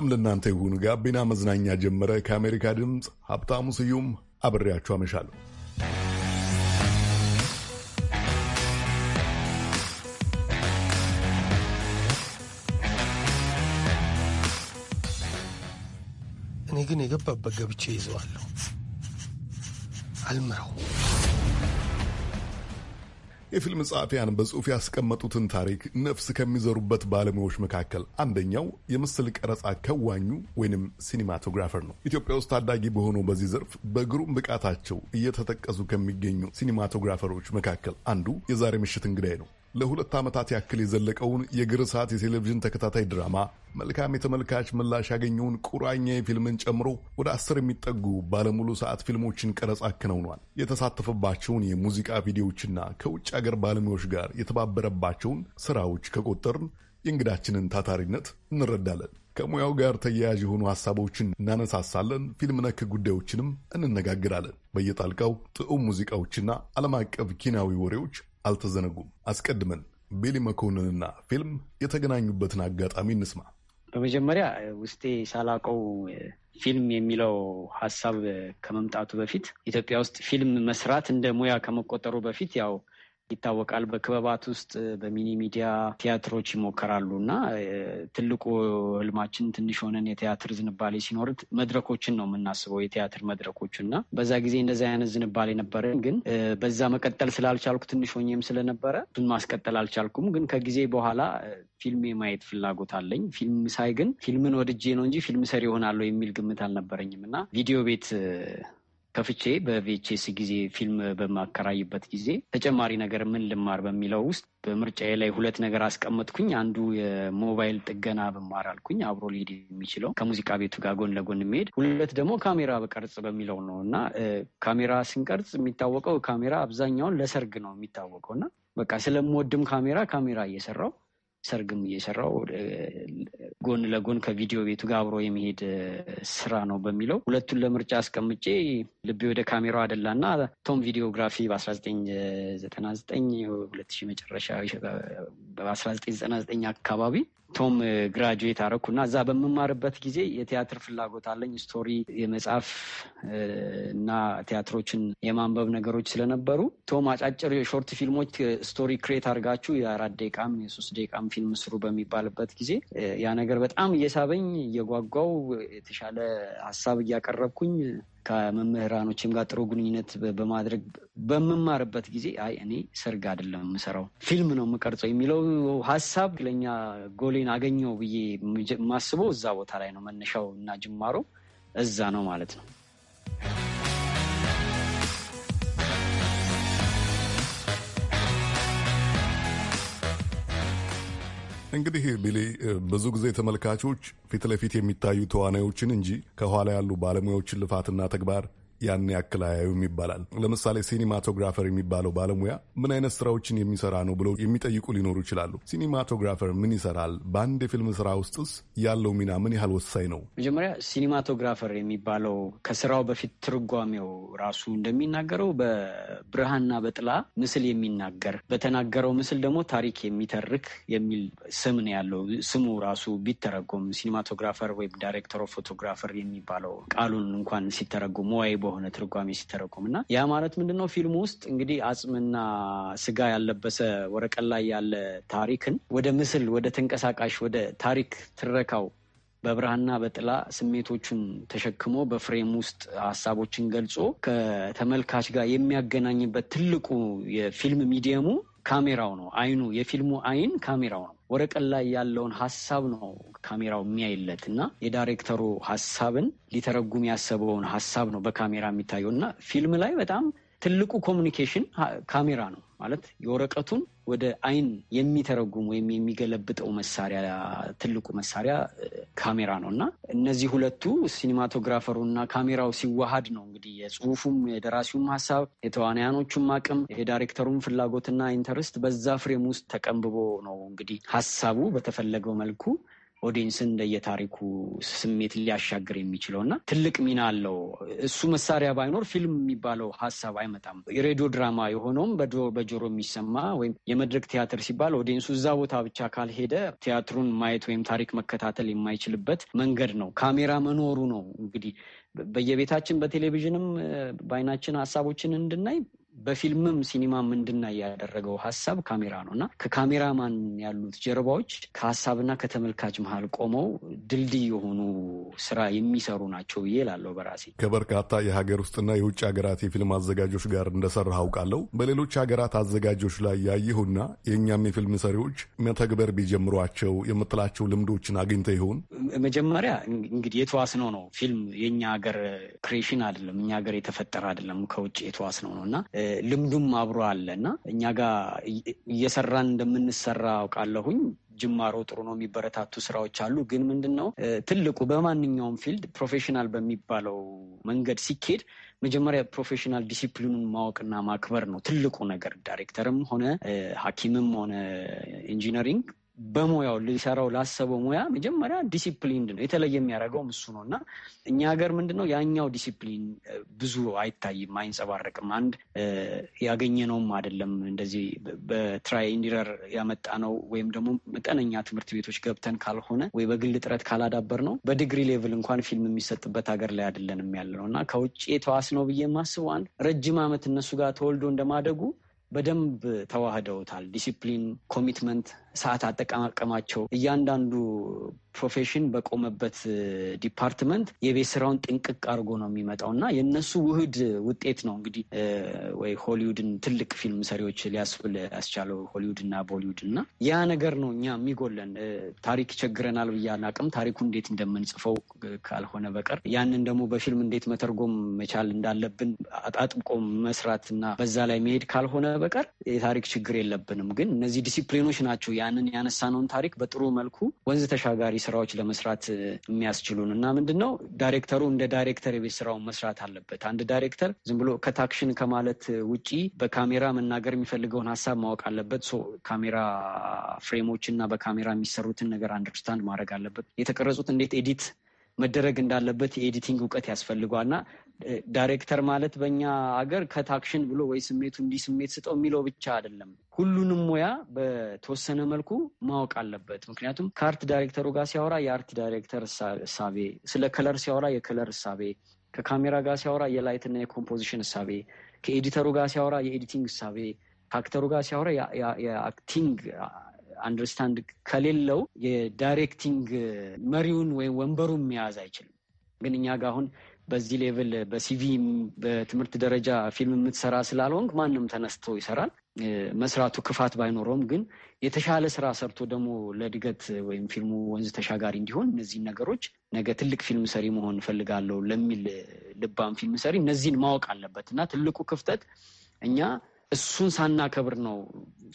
ሰላም ለእናንተ ይሁን። ጋቢና መዝናኛ ጀመረ። ከአሜሪካ ድምፅ ሀብታሙ ስዩም አብሬያችሁ አመሻለሁ። እኔ ግን የገባበት ገብቼ ይዘዋለሁ አልምረው የፊልም ጸሐፊያን በጽሑፍ ያስቀመጡትን ታሪክ ነፍስ ከሚዘሩበት ባለሙያዎች መካከል አንደኛው የምስል ቀረጻ ከዋኙ ወይንም ሲኒማቶግራፈር ነው። ኢትዮጵያ ውስጥ ታዳጊ በሆነው በዚህ ዘርፍ በግሩም ብቃታቸው እየተጠቀሱ ከሚገኙ ሲኒማቶግራፈሮች መካከል አንዱ የዛሬ ምሽት እንግዳይ ነው። ለሁለት ዓመታት ያክል የዘለቀውን የግር ሰዓት የቴሌቪዥን ተከታታይ ድራማ መልካም የተመልካች ምላሽ ያገኘውን ቁራኛ ፊልምን ጨምሮ ወደ አስር የሚጠጉ ባለሙሉ ሰዓት ፊልሞችን ቀረጻ አከናውኗል። የተሳተፈባቸውን የሙዚቃ ቪዲዮዎችና ከውጭ አገር ባለሙያዎች ጋር የተባበረባቸውን ስራዎች ከቆጠርን የእንግዳችንን ታታሪነት እንረዳለን። ከሙያው ጋር ተያያዥ የሆኑ ሀሳቦችን እናነሳሳለን። ፊልም ነክ ጉዳዮችንም እንነጋግራለን። በየጣልቃው ጥዑም ሙዚቃዎችና ዓለም አቀፍ ኪናዊ ወሬዎች አልተዘነጉም። አስቀድመን ቤሊ መኮንንና ፊልም የተገናኙበትን አጋጣሚ እንስማ። በመጀመሪያ ውስጤ ሳላቀው ፊልም የሚለው ሀሳብ ከመምጣቱ በፊት ኢትዮጵያ ውስጥ ፊልም መስራት እንደ ሙያ ከመቆጠሩ በፊት ያው ይታወቃል። በክበባት ውስጥ በሚኒ ሚዲያ ቲያትሮች ይሞከራሉ እና ትልቁ ህልማችን ትንሽ ሆነን የቲያትር ዝንባሌ ሲኖር መድረኮችን ነው የምናስበው የቲያትር መድረኮች እና በዛ ጊዜ እንደዚ አይነት ዝንባሌ ነበረኝ። ግን በዛ መቀጠል ስላልቻልኩ ትንሽ ሆኜም ስለነበረ እሱን ማስቀጠል አልቻልኩም። ግን ከጊዜ በኋላ ፊልም የማየት ፍላጎት አለኝ። ፊልም ሳይ ግን ፊልምን ወድጄ ነው እንጂ ፊልም ሰሪ ይሆናለሁ የሚል ግምት አልነበረኝም እና ቪዲዮ ቤት ከፍቼ በቪኤችኤስ ጊዜ ፊልም በማከራይበት ጊዜ ተጨማሪ ነገር ምን ልማር በሚለው ውስጥ በምርጫዬ ላይ ሁለት ነገር አስቀመጥኩኝ። አንዱ የሞባይል ጥገና ብማር አልኩኝ፣ አብሮ ሊሄድ የሚችለው ከሙዚቃ ቤቱ ጋር ጎን ለጎን የሚሄድ ሁለት ደግሞ ካሜራ በቀርጽ በሚለው ነው እና ካሜራ ስንቀርጽ የሚታወቀው ካሜራ አብዛኛውን ለሰርግ ነው የሚታወቀው እና በቃ ስለምወድም ካሜራ ካሜራ እየሰራው ሰርግም እየሰራው ጎን ለጎን ከቪዲዮ ቤቱ ጋር አብሮ የሚሄድ ስራ ነው በሚለው ሁለቱን ለምርጫ አስቀምጬ ልቤ ወደ ካሜራው አደላ እና ቶም ቪዲዮግራፊ በ1999 2000 መጨረሻ በ1999 አካባቢ ቶም ግራጁዌት አረኩና እዛ በምማርበት ጊዜ የቲያትር ፍላጎት አለኝ። ስቶሪ የመጽሐፍ እና ቲያትሮችን የማንበብ ነገሮች ስለነበሩ ቶም አጫጭር የሾርት ፊልሞች ስቶሪ ክሬት አድርጋችሁ የአራት ደቂቃም የሶስት ደቂቃም ፊልም ስሩ በሚባልበት ጊዜ ያ ነገር በጣም እየሳበኝ እየጓጓው የተሻለ ሀሳብ እያቀረብኩኝ ከመምህራኖችም ጋር ጥሩ ግንኙነት በማድረግ በምማርበት ጊዜ አይ እኔ ሰርግ አይደለም የምሰራው ፊልም ነው የምቀርጸው የሚለው ሀሳብ ለኛ ጎሌን አገኘው ብዬ ማስበው እዛ ቦታ ላይ ነው። መነሻው እና ጅማሮ እዛ ነው ማለት ነው። እንግዲህ ቢሊ፣ ብዙ ጊዜ ተመልካቾች ፊት ለፊት የሚታዩ ተዋናዮችን እንጂ ከኋላ ያሉ ባለሙያዎችን ልፋትና ተግባር ያን ያክል አያዩም ይባላል። ለምሳሌ ሲኒማቶግራፈር የሚባለው ባለሙያ ምን አይነት ስራዎችን የሚሰራ ነው ብለው የሚጠይቁ ሊኖሩ ይችላሉ። ሲኒማቶግራፈር ምን ይሰራል? በአንድ የፊልም ስራ ውስጥስ ያለው ሚና ምን ያህል ወሳኝ ነው? መጀመሪያ ሲኒማቶግራፈር የሚባለው ከስራው በፊት ትርጓሜው ራሱ እንደሚናገረው በብርሃንና በጥላ ምስል የሚናገር በተናገረው ምስል ደግሞ ታሪክ የሚተርክ የሚል ስም ነው ያለው። ስሙ ራሱ ቢተረጎም ሲኒማቶግራፈር ወይም ዳይሬክተር ኦፍ ፎቶግራፈር የሚባለው ቃሉን እንኳን ሲተረጎሙ ዋይቦ በሆነ ትርጓሜ ሲተረጎም እና ያ ማለት ምንድነው ነው? ፊልሙ ውስጥ እንግዲህ አጽምና ስጋ ያለበሰ ወረቀት ላይ ያለ ታሪክን ወደ ምስል፣ ወደ ተንቀሳቃሽ፣ ወደ ታሪክ ትረካው በብርሃና በጥላ ስሜቶቹን ተሸክሞ በፍሬም ውስጥ ሀሳቦችን ገልጾ ከተመልካች ጋር የሚያገናኝበት ትልቁ የፊልም ሚዲየሙ ካሜራው ነው አይኑ፣ የፊልሙ አይን ካሜራው ነው። ወረቀት ላይ ያለውን ሀሳብ ነው ካሜራው የሚያይለት እና የዳይሬክተሩ ሀሳብን ሊተረጉም ያሰበውን ሀሳብ ነው በካሜራ የሚታየው እና ፊልም ላይ በጣም ትልቁ ኮሚኒኬሽን ካሜራ ነው ማለት የወረቀቱን ወደ አይን የሚተረጉም ወይም የሚገለብጠው መሳሪያ ትልቁ መሳሪያ ካሜራ ነው እና እነዚህ ሁለቱ ሲኒማቶግራፈሩ እና ካሜራው ሲዋሃድ ነው እንግዲህ የጽሁፉም የደራሲውም ሀሳብ የተዋናያኖቹም አቅም የዳይሬክተሩም ፍላጎትና ኢንተርስት በዛ ፍሬም ውስጥ ተቀንብቦ ነው እንግዲህ ሀሳቡ በተፈለገው መልኩ ኦዲንስን እንደየታሪኩ ስሜት ሊያሻግር የሚችለው እና ትልቅ ሚና አለው። እሱ መሳሪያ ባይኖር ፊልም የሚባለው ሀሳብ አይመጣም። የሬዲዮ ድራማ የሆነውም በጆሮ የሚሰማ ወይም የመድረክ ቲያትር ሲባል ኦዲንሱ እዛ ቦታ ብቻ ካልሄደ ቲያትሩን ማየት ወይም ታሪክ መከታተል የማይችልበት መንገድ ነው። ካሜራ መኖሩ ነው እንግዲህ በየቤታችን በቴሌቪዥንም በአይናችን ሀሳቦችን እንድናይ በፊልምም ሲኒማ ምንድና ያደረገው ሀሳብ ካሜራ ነው እና ከካሜራማን ያሉት ጀርባዎች ከሀሳብና ከተመልካች መሀል ቆመው ድልድይ የሆኑ ስራ የሚሰሩ ናቸው ብዬ ላለው በራሴ ከበርካታ የሀገር ውስጥና የውጭ ሀገራት የፊልም አዘጋጆች ጋር እንደሰራ አውቃለሁ። በሌሎች ሀገራት አዘጋጆች ላይ ያየሁና የእኛም የፊልም ሰሪዎች መተግበር ቢጀምሯቸው የምትላቸው ልምዶችን አግኝተ ይሆን? መጀመሪያ እንግዲህ የተዋስነው ነው ፊልም የእኛ ሀገር ክሬሽን አይደለም፣ እኛ ሀገር የተፈጠረ አይደለም፣ ከውጭ የተዋስነው ነው እና ልምዱም አብሮ አለ እና እኛ ጋር እየሰራን እንደምንሰራ አውቃለሁኝ። ጅማሮ ጥሩ ነው። የሚበረታቱ ስራዎች አሉ። ግን ምንድን ነው ትልቁ በማንኛውም ፊልድ ፕሮፌሽናል በሚባለው መንገድ ሲኬድ መጀመሪያ ፕሮፌሽናል ዲሲፕሊኑን ማወቅና ማክበር ነው ትልቁ ነገር። ዳይሬክተርም ሆነ ሐኪምም ሆነ ኢንጂነሪንግ በሙያው ሊሰራው ላሰበው ሙያ መጀመሪያ ዲሲፕሊን ነው የተለየ የሚያደርገውም እሱ ነው እና እኛ ሀገር ምንድን ነው ያኛው ዲሲፕሊን ብዙ አይታይም፣ አይንጸባረቅም። አንድ ያገኘነውም አይደለም እንደዚህ በትራይ ኢንዲረር ያመጣ ነው ወይም ደግሞ መጠነኛ ትምህርት ቤቶች ገብተን ካልሆነ ወይ በግል ጥረት ካላዳበር ነው በዲግሪ ሌቭል እንኳን ፊልም የሚሰጥበት ሀገር ላይ አይደለንም ያለ ነው እና ከውጭ የተዋስ ነው ብዬ የማስበው አንድ ረጅም ዓመት እነሱ ጋር ተወልዶ እንደማደጉ በደንብ ተዋህደውታል። ዲሲፕሊን ኮሚትመንት ሰዓት አጠቃቀማቸው እያንዳንዱ ፕሮፌሽን በቆመበት ዲፓርትመንት የቤት ስራውን ጥንቅቅ አድርጎ ነው የሚመጣው እና የእነሱ ውህድ ውጤት ነው እንግዲህ ወይ ሆሊውድን ትልቅ ፊልም ሰሪዎች ሊያስብል ያስቻለው ሆሊውድ እና ቦሊውድ እና ያ ነገር ነው እኛ የሚጎለን። ታሪክ ቸግረናል ብዬ አላቅም። ታሪኩ እንዴት እንደምንጽፈው ካልሆነ በቀር ያንን ደግሞ በፊልም እንዴት መተርጎም መቻል እንዳለብን አጣጥቆ መስራት እና በዛ ላይ መሄድ ካልሆነ በቀር የታሪክ ችግር የለብንም። ግን እነዚህ ዲሲፕሊኖች ናቸው ያንን ያነሳነውን ታሪክ በጥሩ መልኩ ወንዝ ተሻጋሪ ስራዎች ለመስራት የሚያስችሉን እና ምንድን ነው ዳይሬክተሩ እንደ ዳይሬክተር የቤት ስራውን መስራት አለበት። አንድ ዳይሬክተር ዝም ብሎ ከታክሽን ከማለት ውጪ በካሜራ መናገር የሚፈልገውን ሀሳብ ማወቅ አለበት። ካሜራ ፍሬሞች እና በካሜራ የሚሰሩትን ነገር አንደርስታንድ ማድረግ አለበት። የተቀረጹት እንዴት ኤዲት መደረግ እንዳለበት የኤዲቲንግ እውቀት ያስፈልጓል እና ዳይሬክተር ማለት በኛ አገር ከታክሽን ብሎ ወይ ስሜቱ እንዲህ ስሜት ስጠው የሚለው ብቻ አይደለም። ሁሉንም ሙያ በተወሰነ መልኩ ማወቅ አለበት። ምክንያቱም ከአርት ዳይሬክተሩ ጋር ሲያወራ የአርት ዳይሬክተር እሳቤ፣ ስለ ከለር ሲያወራ የከለር እሳቤ፣ ከካሜራ ጋር ሲያወራ የላይትና የኮምፖዚሽን እሳቤ፣ ከኤዲተሩ ጋር ሲያወራ የኤዲቲንግ እሳቤ፣ ከአክተሩ ጋር ሲያወራ የአክቲንግ አንደርስታንድ ከሌለው የዳይሬክቲንግ መሪውን ወይም ወንበሩን መያዝ አይችልም። ግን እኛ ጋር አሁን በዚህ ሌቭል በሲቪ በትምህርት ደረጃ ፊልም የምትሰራ ስላልሆንክ ማንም ተነስቶ ይሰራል። መስራቱ ክፋት ባይኖረውም ግን የተሻለ ስራ ሰርቶ ደግሞ ለእድገት ወይም ፊልሙ ወንዝ ተሻጋሪ እንዲሆን እነዚህን ነገሮች ነገ ትልቅ ፊልም ሰሪ መሆን እፈልጋለሁ ለሚል ልባም ፊልም ሰሪ እነዚህን ማወቅ አለበት እና ትልቁ ክፍተት እኛ እሱን ሳናከብር ነው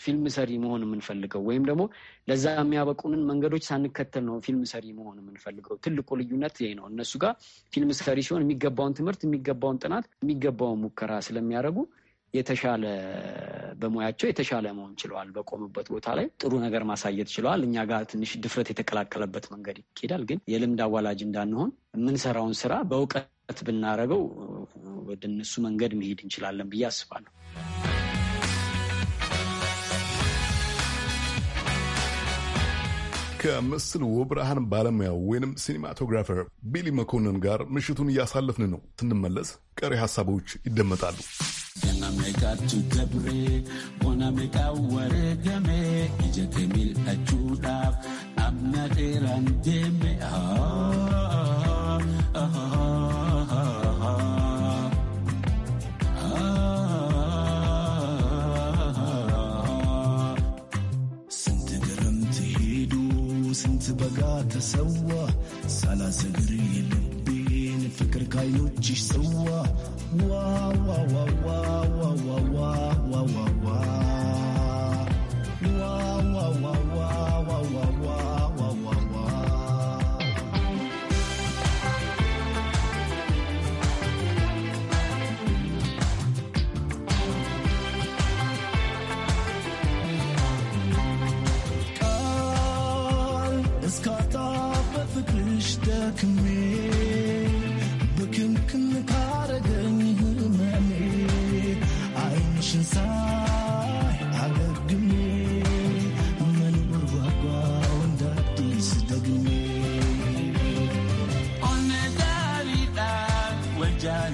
ፊልም ሰሪ መሆን የምንፈልገው ወይም ደግሞ ለዛ የሚያበቁንን መንገዶች ሳንከተል ነው ፊልም ሰሪ መሆን የምንፈልገው። ትልቁ ልዩነት ይሄ ነው። እነሱ ጋር ፊልም ሰሪ ሲሆን የሚገባውን ትምህርት፣ የሚገባውን ጥናት፣ የሚገባውን ሙከራ ስለሚያደርጉ የተሻለ በሙያቸው የተሻለ መሆን ችለዋል። በቆሙበት ቦታ ላይ ጥሩ ነገር ማሳየት ችለዋል። እኛ ጋር ትንሽ ድፍረት የተቀላቀለበት መንገድ ይሄዳል። ግን የልምድ አዋላጅ እንዳንሆን የምንሰራውን ስራ በእውቀት ብናደረገው ወደ እነሱ መንገድ መሄድ እንችላለን ብዬ አስባለሁ። ከምስል ወብርሃን ባለሙያው ወይንም ሲኒማቶግራፈር ቢሊ መኮንን ጋር ምሽቱን እያሳለፍን ነው። ስንመለስ ቀሪ ሀሳቦች ይደመጣሉ። I'm ተሰዋ ሳላሰግር የልቤን ፍቅር ካይኖችሽ ሰዋ ዋዋዋዋዋዋዋዋዋዋ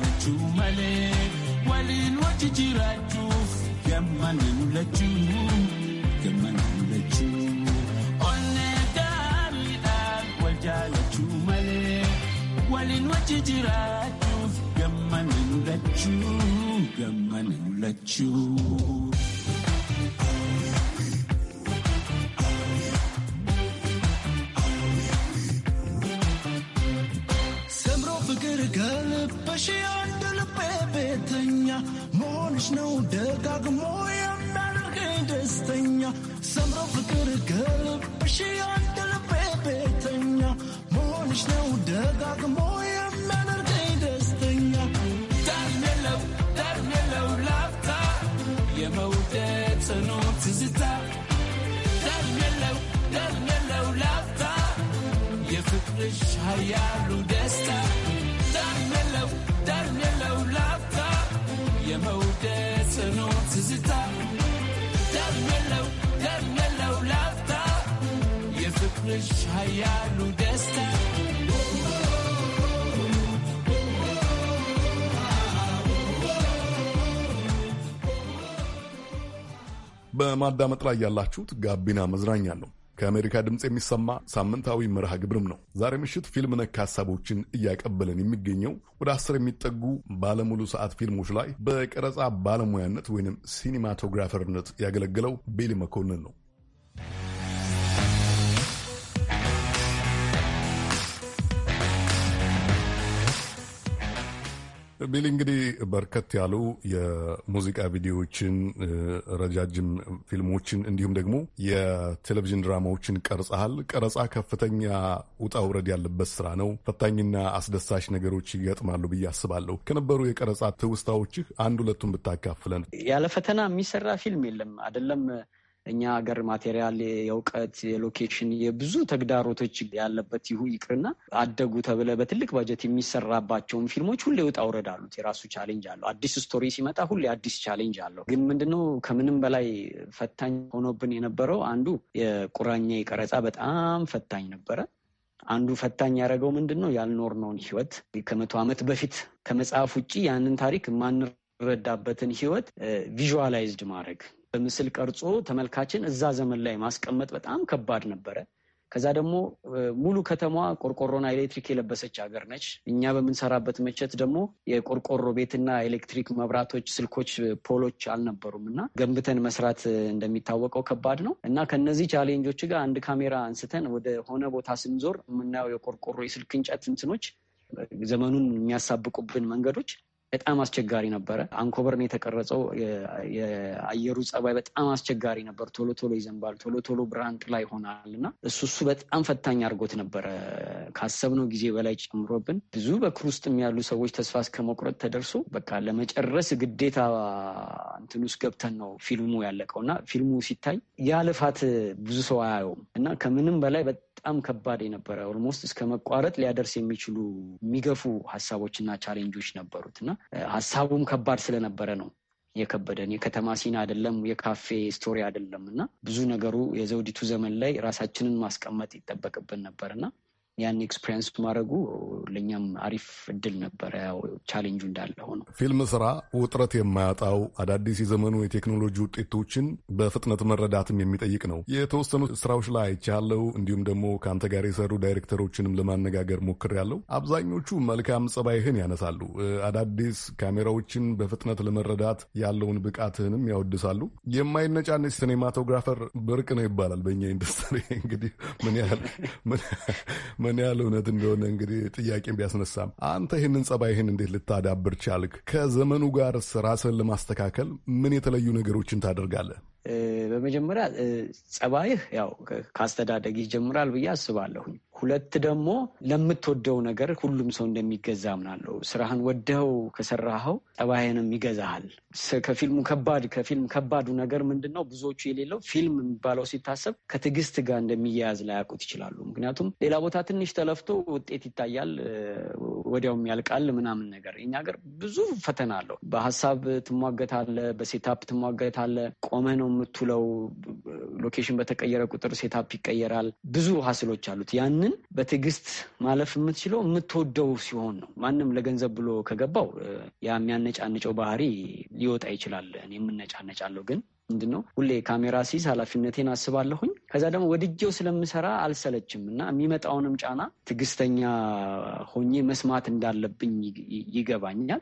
gochuu malee waliin wachi jiraachuuf gammana mul'achuu gammana malee waliin wachi jiraachuuf ነው ደጋግሞ የሚያደርገኝ ደስተኛ ሰምሮ ፍቅር ገልብሽ አንድ ልቤ ቤተኛ መሆንሽ ነው ደጋግሞ የሚያደርገኝ ደስተኛ ዳርሜለው ዳርሜለው ላፍታ የመውደድ ጽኑ ትዝታ ዳርሜለው ዳርሜለው ላፍታ የፍቅርሽ ሀያሉ ደስታ ዳርሜለው ዳርሜ ደመለው ላፍታ በማዳመጥ ላይ ያላችሁት ጋቢና መዝናኛ ነው። ከአሜሪካ ድምፅ የሚሰማ ሳምንታዊ መርሃ ግብርም ነው። ዛሬ ምሽት ፊልም ነክ ሀሳቦችን እያቀበለን የሚገኘው ወደ አስር የሚጠጉ ባለሙሉ ሰዓት ፊልሞች ላይ በቀረጻ ባለሙያነት ወይንም ሲኒማቶግራፈርነት ያገለገለው ቤሊ መኮንን ነው። ቢል እንግዲህ በርከት ያሉ የሙዚቃ ቪዲዮዎችን፣ ረጃጅም ፊልሞችን እንዲሁም ደግሞ የቴሌቪዥን ድራማዎችን ቀርጸሃል። ቀረጻ ከፍተኛ ውጣ ውረድ ያለበት ስራ ነው። ፈታኝና አስደሳች ነገሮች ይገጥማሉ ብዬ አስባለሁ። ከነበሩ የቀረጻ ትውስታዎችህ አንድ ሁለቱን ብታካፍለን። ያለ ፈተና የሚሰራ ፊልም የለም አይደለም። እኛ ሀገር ማቴሪያል፣ የእውቀት፣ የሎኬሽን የብዙ ተግዳሮቶች ያለበት ይሁ ይቅርና አደጉ ተብለ በትልቅ ባጀት የሚሰራባቸውን ፊልሞች ሁሌ ውጣ ውረድ አሉት። የራሱ ቻሌንጅ አለው። አዲስ ስቶሪ ሲመጣ ሁሌ አዲስ ቻሌንጅ አለው። ግን ምንድነው ከምንም በላይ ፈታኝ ሆኖብን የነበረው አንዱ የቁራኛ ቀረጻ በጣም ፈታኝ ነበረ። አንዱ ፈታኝ ያደረገው ምንድን ነው ያልኖርነውን ህይወት ከመቶ ዓመት በፊት ከመጽሐፍ ውጭ ያንን ታሪክ ማንረዳበትን ህይወት ቪዥዋላይዝድ ማድረግ በምስል ቀርጾ ተመልካችን እዛ ዘመን ላይ ማስቀመጥ በጣም ከባድ ነበረ። ከዛ ደግሞ ሙሉ ከተማዋ ቆርቆሮና ኤሌክትሪክ የለበሰች ሀገር ነች። እኛ በምንሰራበት መቼት ደግሞ የቆርቆሮ ቤትና ኤሌክትሪክ መብራቶች፣ ስልኮች፣ ፖሎች አልነበሩም እና ገንብተን መስራት እንደሚታወቀው ከባድ ነው እና ከነዚህ ቻሌንጆች ጋር አንድ ካሜራ አንስተን ወደ ሆነ ቦታ ስንዞር የምናየው የቆርቆሮ የስልክ እንጨት እንትኖች ዘመኑን የሚያሳብቁብን መንገዶች በጣም አስቸጋሪ ነበረ። አንኮበርን የተቀረጸው የአየሩ ጸባይ በጣም አስቸጋሪ ነበር። ቶሎ ቶሎ ይዘንባል፣ ቶሎ ቶሎ ብርሃን ጥላ ይሆናል እና እሱ እሱ በጣም ፈታኝ አድርጎት ነበረ። ካሰብነው ጊዜ በላይ ጨምሮብን ብዙ በክሩ ውስጥም ያሉ ሰዎች ተስፋ እስከመቁረጥ ተደርሶ በቃ ለመጨረስ ግዴታ እንትን ውስጥ ገብተን ነው ፊልሙ ያለቀው እና ፊልሙ ሲታይ ልፋት ብዙ ሰው አያየውም እና ከምንም በላይ በጣም ከባድ የነበረ ኦልሞስት እስከ መቋረጥ ሊያደርስ የሚችሉ የሚገፉ ሀሳቦችና ቻሌንጆች ነበሩት እና ሀሳቡም ከባድ ስለነበረ ነው የከበደን የከተማ ሲን አይደለም፣ የካፌ ስቶሪ አይደለም እና ብዙ ነገሩ የዘውዲቱ ዘመን ላይ ራሳችንን ማስቀመጥ ይጠበቅብን ነበር እና ያን ኤክስፔሪንስ ማድረጉ ለእኛም አሪፍ እድል ነበረ። ያው ቻሌንጁ እንዳለ ሆነ ፊልም ስራ ውጥረት የማያጣው አዳዲስ የዘመኑ የቴክኖሎጂ ውጤቶችን በፍጥነት መረዳትም የሚጠይቅ ነው። የተወሰኑ ስራዎች ላይ አይቻለሁ፣ እንዲሁም ደግሞ ከአንተ ጋር የሰሩ ዳይሬክተሮችንም ለማነጋገር ሞክሬያለሁ። አብዛኞቹ መልካም ጸባይህን ያነሳሉ። አዳዲስ ካሜራዎችን በፍጥነት ለመረዳት ያለውን ብቃትህንም ያወድሳሉ። የማይነጫነች ሲኔማቶግራፈር ብርቅ ነው ይባላል በእኛ ኢንዱስትሪ። እንግዲህ ምን ያህል ምን ያህል እውነት እንደሆነ እንግዲህ ጥያቄን ቢያስነሳም አንተ ይህንን ይህን እንዴት ልታዳብር ቻልክ? ከዘመኑ ጋር ራስን ለማስተካከል ምን የተለዩ ነገሮችን ታደርጋለህ? በመጀመሪያ ጸባይህ ያው ከአስተዳደግ ይጀምራል ብዬ አስባለሁኝ። ሁለት ደግሞ ለምትወደው ነገር ሁሉም ሰው እንደሚገዛ ምናለው። ስራህን ወደኸው ከሰራኸው ጸባይንም ይገዛሃል። ከፊልሙ ከባድ ከፊልም ከባዱ ነገር ምንድን ነው? ብዙዎቹ የሌለው ፊልም የሚባለው ሲታሰብ ከትዕግስት ጋር እንደሚያያዝ ላያውቁት ይችላሉ። ምክንያቱም ሌላ ቦታ ትንሽ ተለፍቶ ውጤት ይታያል፣ ወዲያውም ያልቃል ምናምን ነገር። እኛ ሀገር ብዙ ፈተና አለው። በሀሳብ ትሟገታለ፣ በሴታፕ ትሟገታለ። ቆመ ነው የምትውለው። ሎኬሽን በተቀየረ ቁጥር ሴታፕ ይቀየራል። ብዙ ሀስሎች አሉት። ያንን በትዕግስት ማለፍ የምትችለው የምትወደው ሲሆን ነው። ማንም ለገንዘብ ብሎ ከገባው ያ የሚያነጫንጨው ባህሪ ሊወጣ ይችላል። እኔ የምነጫነጫለሁ ግን ምንድን ነው ሁሌ ካሜራ ሲይዝ ኃላፊነቴን አስባለሁኝ። ከዛ ደግሞ ወድጄው ስለምሰራ አልሰለችም እና የሚመጣውንም ጫና ትዕግስተኛ ሆኜ መስማት እንዳለብኝ ይገባኛል።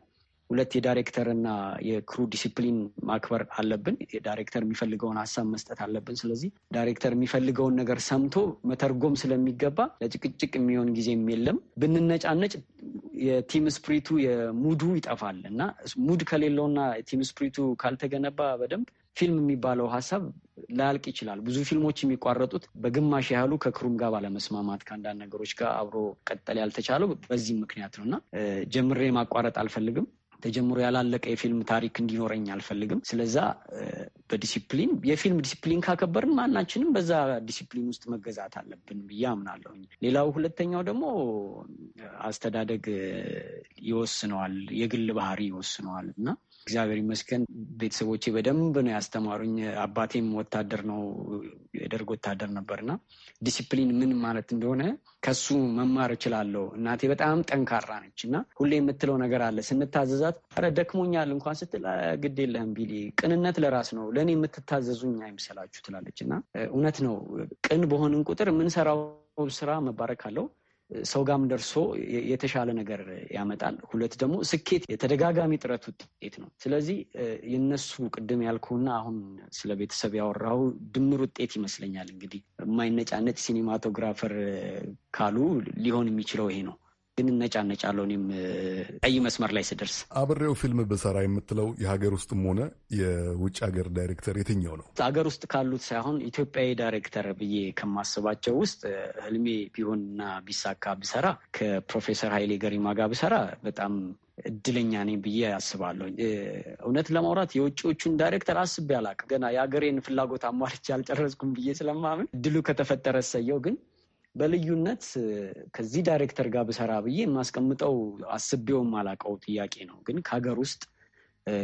ሁለት የዳይሬክተር እና የክሩ ዲሲፕሊን ማክበር አለብን። የዳይሬክተር የሚፈልገውን ሀሳብ መስጠት አለብን። ስለዚህ ዳይሬክተር የሚፈልገውን ነገር ሰምቶ መተርጎም ስለሚገባ ለጭቅጭቅ የሚሆን ጊዜም የለም። ብንነጫነጭ የቲም ስፕሪቱ የሙዱ ይጠፋል እና ሙድ ከሌለውና ቲም ስፕሪቱ ካልተገነባ በደንብ ፊልም የሚባለው ሀሳብ ላያልቅ ይችላል። ብዙ ፊልሞች የሚቋረጡት በግማሽ ያህሉ ከክሩም ጋር ባለመስማማት ከአንዳንድ ነገሮች ጋር አብሮ ቀጠል ያልተቻለው በዚህም ምክንያት ነው እና ጀምሬ ማቋረጥ አልፈልግም ተጀምሮ ያላለቀ የፊልም ታሪክ እንዲኖረኝ አልፈልግም። ስለዛ በዲሲፕሊን የፊልም ዲሲፕሊን ካከበርን ማናችንም በዛ ዲሲፕሊን ውስጥ መገዛት አለብን ብዬ አምናለሁኝ። ሌላው ሁለተኛው ደግሞ አስተዳደግ ይወስነዋል፣ የግል ባህሪ ይወስነዋል እና እግዚአብሔር ይመስገን ቤተሰቦቼ በደንብ ነው ያስተማሩኝ። አባቴም ወታደር ነው፣ የደርግ ወታደር ነበርና ዲሲፕሊን ምን ማለት እንደሆነ ከሱ መማር እችላለሁ። እናቴ በጣም ጠንካራ ነች እና ሁሌ የምትለው ነገር አለ። ስንታዘዛት ኧረ ደክሞኛል እንኳን ስትል ግድ የለህም ቢሊ፣ ቅንነት ለራስ ነው ለእኔ የምትታዘዙኝ አይምሰላችሁ ትላለች እና እውነት ነው። ቅን በሆንን ቁጥር የምንሰራው ስራ መባረክ አለው። ሰው ጋም ደርሶ የተሻለ ነገር ያመጣል። ሁለት ደግሞ ስኬት የተደጋጋሚ ጥረት ውጤት ነው። ስለዚህ የነሱ ቅድም ያልኩና አሁን ስለ ቤተሰብ ያወራው ድምር ውጤት ይመስለኛል። እንግዲህ የማይነጫነጭ ሲኒማቶግራፈር ካሉ ሊሆን የሚችለው ይሄ ነው። ግን እነጫነጫለሁ። እኔም ቀይ መስመር ላይ ስደርስ አብሬው ፊልም ብሰራ የምትለው የሀገር ውስጥም ሆነ የውጭ ሀገር ዳይሬክተር የትኛው ነው? ሀገር ውስጥ ካሉት ሳይሆን ኢትዮጵያዊ ዳይሬክተር ብዬ ከማስባቸው ውስጥ ህልሜ ቢሆንና ቢሳካ ብሰራ ከፕሮፌሰር ኃይሌ ገሪማ ጋር ብሰራ በጣም እድለኛ ነኝ ብዬ አስባለሁ። እውነት ለማውራት የውጭዎቹን ዳይሬክተር አስቤ አላውቅም። ገና የሀገሬን ፍላጎት አሟልቼ አልጨረስኩም ብዬ ስለማምን እድሉ ከተፈጠረ ሰየው ግን በልዩነት ከዚህ ዳይሬክተር ጋር ብሰራ ብዬ የማስቀምጠው አስቤውም አላቀው ጥያቄ ነው። ግን ከሀገር ውስጥ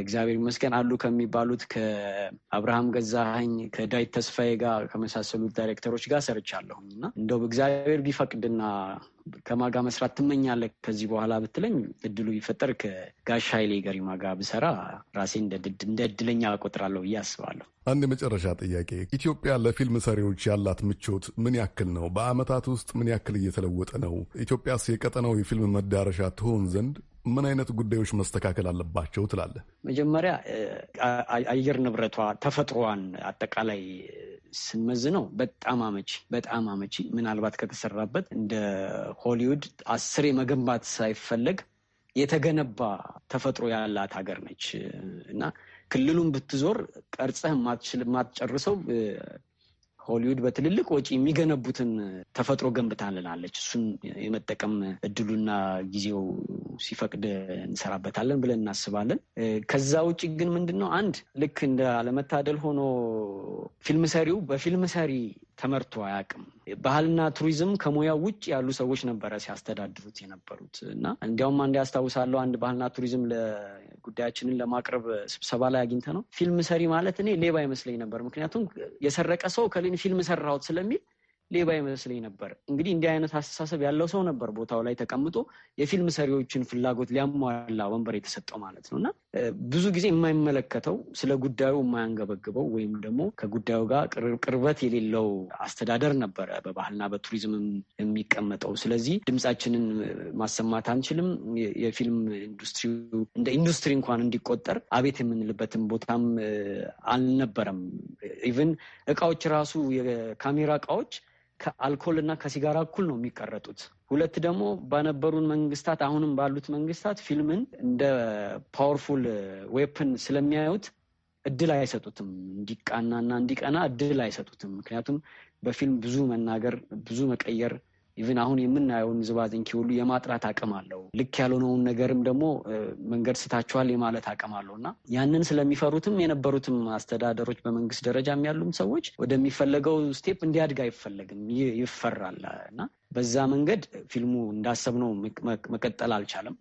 እግዚአብሔር ይመስገን አሉ ከሚባሉት ከአብርሃም ገዛሀኝ ከዳይት ተስፋዬ ጋር ከመሳሰሉት ዳይሬክተሮች ጋር ሰርቻለሁኝ እና እንደው እግዚአብሔር ቢፈቅድና ከማጋ መስራት ትመኛለህ ከዚህ በኋላ ብትለኝ እድሉ ቢፈጠር ከጋሽ ኃይሌ ገሪማ ጋር ብሰራ ራሴ እንደ እድለኛ እቆጥራለሁ ብዬ አስባለሁ። አንድ የመጨረሻ ጥያቄ፣ ኢትዮጵያ ለፊልም ሰሪዎች ያላት ምቾት ምን ያክል ነው? በአመታት ውስጥ ምን ያክል እየተለወጠ ነው? ኢትዮጵያስ የቀጠናው የፊልም መዳረሻ ትሆን ዘንድ ምን አይነት ጉዳዮች መስተካከል አለባቸው ትላለ? መጀመሪያ አየር ንብረቷ ተፈጥሮዋን አጠቃላይ ስንመዝነው በጣም አመቺ በጣም አመቺ ምናልባት ከተሰራበት እንደ ሆሊውድ አስር የመገንባት ሳይፈለግ የተገነባ ተፈጥሮ ያላት ሀገር ነች እና ክልሉን ብትዞር ቀርጸህ የማትጨርሰው ሆሊውድ በትልልቅ ወጪ የሚገነቡትን ተፈጥሮ ገንብታልናለች። እሱን የመጠቀም እድሉና ጊዜው ሲፈቅድ እንሰራበታለን ብለን እናስባለን። ከዛ ውጭ ግን ምንድን ነው አንድ ልክ እንደ አለመታደል ሆኖ ፊልም ሰሪው በፊልም ሰሪ ተመርቶ አያውቅም። ባህልና ቱሪዝም ከሙያው ውጭ ያሉ ሰዎች ነበረ ሲያስተዳድሩት የነበሩት እና እንዲያውም አንድ ያስታውሳለሁ አንድ ባህልና ቱሪዝም ጉዳያችንን ለማቅረብ ስብሰባ ላይ አግኝተ ነው ፊልም ሰሪ ማለት እኔ ሌባ ይመስለኝ ነበር። ምክንያቱም የሰረቀ ሰው ከሌን ፊልም ሰራሁት ስለሚል ሌባ ይመስለኝ ነበር። እንግዲህ እንዲህ አይነት አስተሳሰብ ያለው ሰው ነበር ቦታው ላይ ተቀምጦ የፊልም ሰሪዎችን ፍላጎት ሊያሟላ ወንበር የተሰጠው ማለት ነው እና ብዙ ጊዜ የማይመለከተው ስለ ጉዳዩ የማያንገበግበው ወይም ደግሞ ከጉዳዩ ጋር ቅርበት የሌለው አስተዳደር ነበረ በባህልና በቱሪዝም የሚቀመጠው። ስለዚህ ድምፃችንን ማሰማት አንችልም፣ የፊልም ኢንዱስትሪ እንደ ኢንዱስትሪ እንኳን እንዲቆጠር አቤት የምንልበትን ቦታም አልነበረም። ኢቭን እቃዎች ራሱ የካሜራ እቃዎች ከአልኮል እና ከሲጋራ እኩል ነው የሚቀረጡት። ሁለት ደግሞ በነበሩን መንግስታት አሁንም ባሉት መንግስታት ፊልምን እንደ ፓወርፉል ዌፕን ስለሚያዩት እድል አይሰጡትም፣ እንዲቃናና እንዲቀና እድል አይሰጡትም። ምክንያቱም በፊልም ብዙ መናገር ብዙ መቀየር ኢቭን አሁን የምናየውን ዝባዝንኪ ሁሉ የማጥራት አቅም አለው። ልክ ያልሆነውን ነገርም ደግሞ መንገድ ስታችኋል የማለት አቅም አለው እና ያንን ስለሚፈሩትም የነበሩትም አስተዳደሮች በመንግስት ደረጃም ያሉም ሰዎች ወደሚፈለገው ስቴፕ እንዲያድግ አይፈለግም፣ ይፈራል እና በዛ መንገድ ፊልሙ እንዳሰብነው መቀጠል አልቻለም።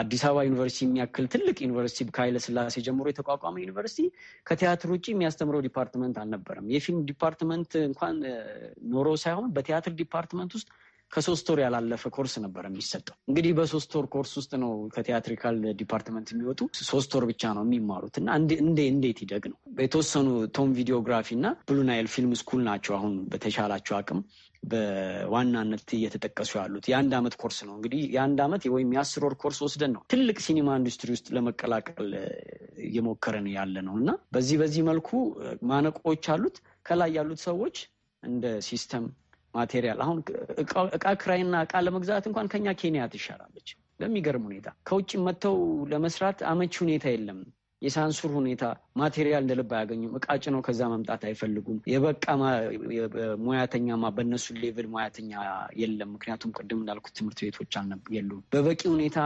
አዲስ አበባ ዩኒቨርሲቲ የሚያክል ትልቅ ዩኒቨርሲቲ ከኃይለ ስላሴ ጀምሮ የተቋቋመ ዩኒቨርሲቲ ከቲያትር ውጭ የሚያስተምረው ዲፓርትመንት አልነበረም። የፊልም ዲፓርትመንት እንኳን ኖሮ ሳይሆን በቲያትር ዲፓርትመንት ውስጥ ከሶስት ወር ያላለፈ ኮርስ ነበር የሚሰጠው። እንግዲህ በሶስት ወር ኮርስ ውስጥ ነው ከቲያትሪካል ዲፓርትመንት የሚወጡ ሶስት ወር ብቻ ነው የሚማሩት እና እንዴ እንዴት ይደግ ነው የተወሰኑ ቶም ቪዲዮግራፊ እና ብሉናይል ፊልም ስኩል ናቸው አሁን በተሻላቸው አቅም በዋናነት እየተጠቀሱ ያሉት የአንድ ዓመት ኮርስ ነው። እንግዲህ የአንድ ዓመት ወይም የአስር ወር ኮርስ ወስደን ነው ትልቅ ሲኒማ ኢንዱስትሪ ውስጥ ለመቀላቀል እየሞከረን ያለ ነው እና በዚህ በዚህ መልኩ ማነቆዎች አሉት። ከላይ ያሉት ሰዎች እንደ ሲስተም ማቴሪያል አሁን እቃ ክራይና እቃ ለመግዛት እንኳን ከኛ ኬንያ ትሻላለች። ለሚገርም ሁኔታ ከውጭ መጥተው ለመስራት አመቺ ሁኔታ የለም። የሳንሱር ሁኔታ ማቴሪያል እንደልብ አያገኙም። እቃ ጭነው ከዛ መምጣት አይፈልጉም። የበቃ ሙያተኛማ በእነሱ ሌቭል ሙያተኛ የለም። ምክንያቱም ቅድም እንዳልኩት ትምህርት ቤቶች የሉም በበቂ ሁኔታ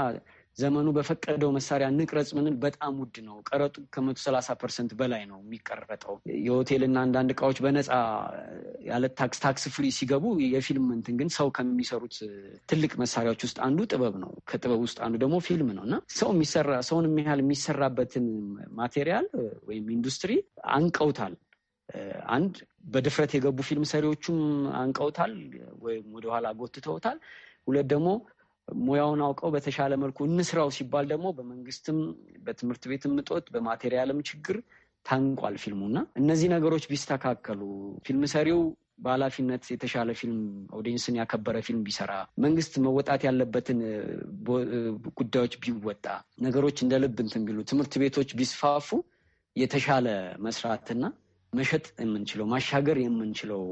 ዘመኑ በፈቀደው መሳሪያ ንቅረጽ ምንል በጣም ውድ ነው። ቀረጡ ከመቶ ሰላሳ ፐርሰንት በላይ ነው የሚቀረጠው። የሆቴልና አንዳንድ እቃዎች በነፃ ያለ ታክስ ታክስ ፍሪ ሲገቡ የፊልም እንትን ግን ሰው ከሚሰሩት ትልቅ መሳሪያዎች ውስጥ አንዱ ጥበብ ነው። ከጥበብ ውስጥ አንዱ ደግሞ ፊልም ነው እና ሰው የሚሰራ ሰውን የሚያህል የሚሰራበትን ማቴሪያል ወይም ኢንዱስትሪ አንቀውታል። አንድ በድፍረት የገቡ ፊልም ሰሪዎቹም አንቀውታል ወይም ወደኋላ ጎትተውታል። ሁለት ደግሞ ሙያውን አውቀው በተሻለ መልኩ እንስራው ሲባል ደግሞ በመንግስትም በትምህርት ቤትም እጦት በማቴሪያልም ችግር ታንቋል ፊልሙ እና እነዚህ ነገሮች ቢስተካከሉ ፊልም ሰሪው በኃላፊነት የተሻለ ፊልም ኦዲየንስን ያከበረ ፊልም ቢሰራ መንግስት መወጣት ያለበትን ጉዳዮች ቢወጣ ነገሮች እንደ ልብ እንትን ቢሉ ትምህርት ቤቶች ቢስፋፉ የተሻለ መስራትና መሸጥ የምንችለው ማሻገር የምንችለው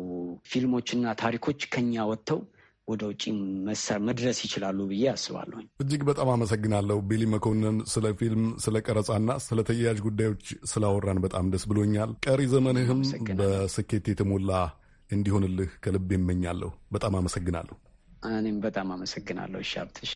ፊልሞችና ታሪኮች ከኛ ወጥተው ወደ ውጭ መድረስ ይችላሉ ብዬ አስባለሁ። እጅግ በጣም አመሰግናለሁ ቢሊ መኮንን። ስለ ፊልም፣ ስለ ቀረጻና ስለ ተያያዥ ጉዳዮች ስላወራን በጣም ደስ ብሎኛል። ቀሪ ዘመንህም በስኬት የተሞላ እንዲሆንልህ ከልብ ይመኛለሁ። በጣም አመሰግናለሁ። እኔም በጣም አመሰግናለሁ ሻብትሽ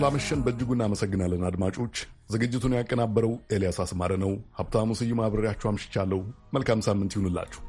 ስላመሸን በእጅጉ እናመሰግናለን አድማጮች። ዝግጅቱን ያቀናበረው ኤልያስ አስማረ ነው። ሀብታሙ ስዩም አብሬያችሁ አምሽቻለሁ። መልካም ሳምንት ይሁንላችሁ።